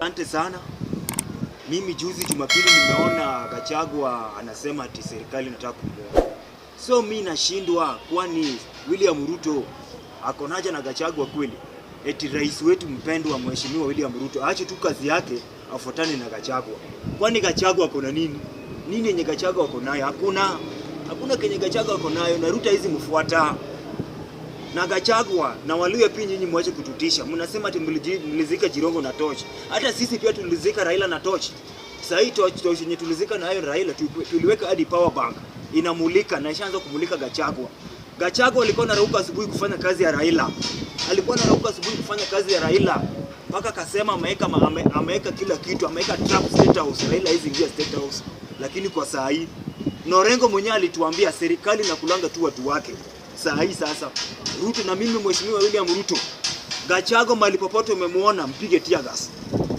Asante sana. Mimi juzi Jumapili nimeona Gachagua anasema ati serikali inataka kumuua. So mi nashindwa, kwani William Ruto akonaja na Gachagua kweli? Eti rais wetu mpendwa mheshimiwa William Ruto aache tu kazi yake afuatane na Gachagua. Kwani Gachagua akona nini? Nini yenye Gachagua ako nayo? Hakuna. Hakuna kenye Gachagua ako nayo na Ruto hizi mfuata na Gachagua na Waluya pia nyinyi mwache kututisha. Mnasema ati mlizika Jirongo na torch. Hata sisi pia tulizika Raila na torch. Sasa hii torch torch yenye tulizika nayo na Raila tuliweka hadi power bank. Inamulika na ishaanza kumulika Gachagua. Gachagua alikuwa anarauka asubuhi kufanya kazi ya Raila. Alikuwa anarauka asubuhi kufanya kazi ya Raila. Mpaka akasema ameweka ameweka kila kitu, ameweka trap state house, Raila hizi ingia state house. Lakini kwa saa hii Norengo mwenyewe alituambia serikali na kulanga tu watu wake saa hii sasa Ruto na mimi Mheshimiwa William Ruto, Gachago mali popote umemwona mpige tear gas,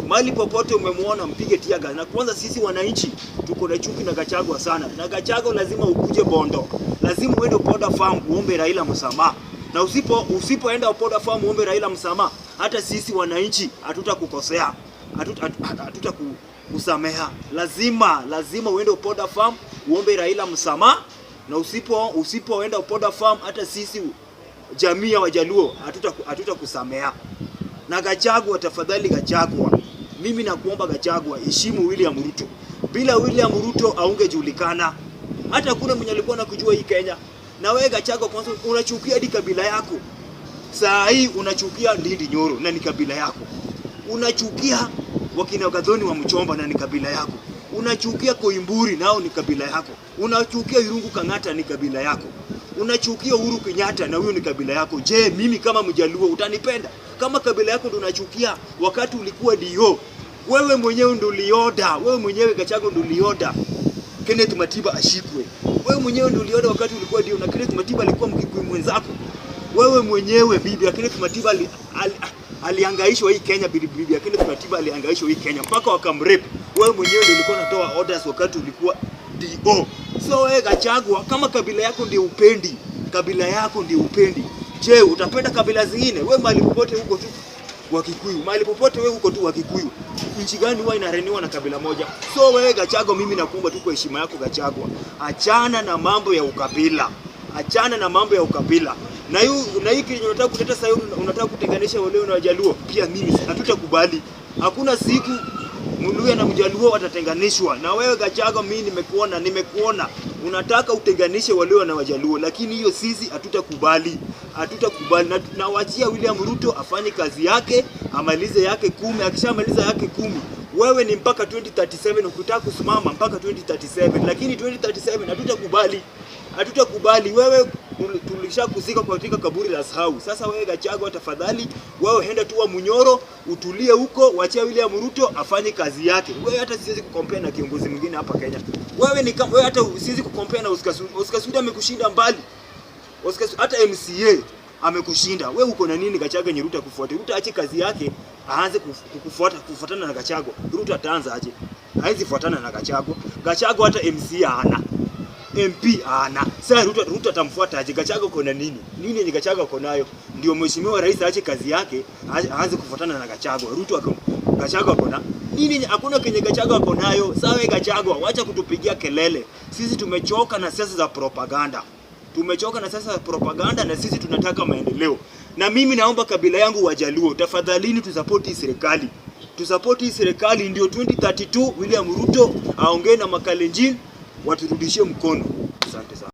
mali popote umemwona mpige tear gas. Na kwanza sisi wananchi tuko na chuki na Gachago sana, na Gachago lazima ukuje Bondo, lazima uende Opoda Farm uombe Raila msamaha, na usipo usipoenda Opoda Farm uombe Raila msamaha, hata sisi wananchi hatutakukosea, hatutakusameha. Lazima lazima uende Opoda Farm uombe Raila msamaha na usipo usipoenda Upoda Farm, hata sisi jamii ya Wajaluo hatutakusamea. Na Gachagua, tafadhali Gachagua, mimi nakuomba Gachagua, heshimu William Ruto. Bila William Ruto aungejulikana hata kuna mwenye alikuwa anakujua hii Kenya. Na wewe Gachagua, kwanza unachukia hadi kabila yako, saa hii unachukia Ndindi Nyoro na ni kabila yako, unachukia wakina Gathoni wa Mchomba na ni kabila yako. Unachukia Koimburi, nao ni kabila yako. Unachukia Irungu Kang'ata, ni kabila yako. Unachukia Uhuru Kenyatta, na huyo ni kabila yako. Je, mimi kama Mjaluo utanipenda? Kama kabila yako ndo unachukia, wakati ulikuwa dio wewe mwenyewe ndo ulioda, wewe mwenyewe Gachagua ndo ulioda Kenneth Matiba ashikwe. Wewe mwenyewe ndo ulioda wakati ulikuwa dio, na Kenneth Matiba alikuwa mkikui mwenzako. Wewe mwenyewe bibi ya Kenneth Matiba ali, ali, ali, aliangaishwa hii Kenya, bibi ya Kenneth Matiba aliangaishwa hii Kenya mpaka wakamrepu wewe mwenyewe ndio ulikuwa unatoa orders wakati ulikuwa DO. So wewe Gachagua, kama kabila yako ndio upendi, kabila yako ndio upendi, je, utapenda kabila zingine? Wewe mahali popote huko tu wa Kikuyu, mahali popote wewe huko tu wa Kikuyu, Nchi gani huwa inareniwa na kabila moja? So wewe Gachagua, mimi nakuomba tu kwa heshima yako Gachagua, achana na mambo ya ukabila, achana na mambo ya ukabila na hiyo na hiki unataka kuleta sasa, unataka kutenganisha wale na Wajaluo, pia mimi hatutakubali. Hakuna siku Mluya na Mjaluo watatenganishwa. Na wewe Gachagua, mimi nimekuona, nimekuona unataka utenganishe walio na Wajaluo, lakini hiyo sisi hatutakubali, hatutakubali na tunawachia William Ruto afanye kazi yake, amalize yake kumi. Akishamaliza yake kumi, wewe ni mpaka 2037 ukitaka kusimama mpaka 2037, lakini 2037 hatutakubali, hatutakubali wewe tulishakuzika katika kaburi la sahau. Sasa wewe Gachagua, tafadhali wewe henda tu wa Munyoro, utulie huko, wachia William Ruto afanye kazi yake. Wewe hata siwezi kukompea na kiongozi mwingine hapa Kenya. Wewe ni wewe, hata siwezi kukompea na Oscar Sudi. Oscar Sudi amekushinda mbali, Oscar hata MCA amekushinda wewe. Uko na nini Gachagua nye Ruto kufuata? Ruto aache kazi yake, aanze kukufuata kufuatana na Gachagua. Ruto ataanza aje? Haizi fuatana na Gachagua. Gachagua hata MCA hana MP ana. Ah, sasa Ruto Ruto atamfuata aje? Gachaga kona nini? Nini ni Gachaga kona nayo? Ndio mheshimiwa rais aache kazi yake, aanze kufuatana na Gachaga. Ruto akam Gachaga kona. nini? Hakuna kenye Gachaga kona nayo. Sawa Gachaga, acha kutupigia kelele. Sisi tumechoka na siasa za propaganda. Tumechoka na siasa za propaganda na sisi tunataka maendeleo. Na mimi naomba kabila yangu Wajaluo, tafadhalini tusapoti serikali. Tusapoti serikali ndio 2032 William Ruto aongee na Makalenjin waturudishie mkono. Asante sana.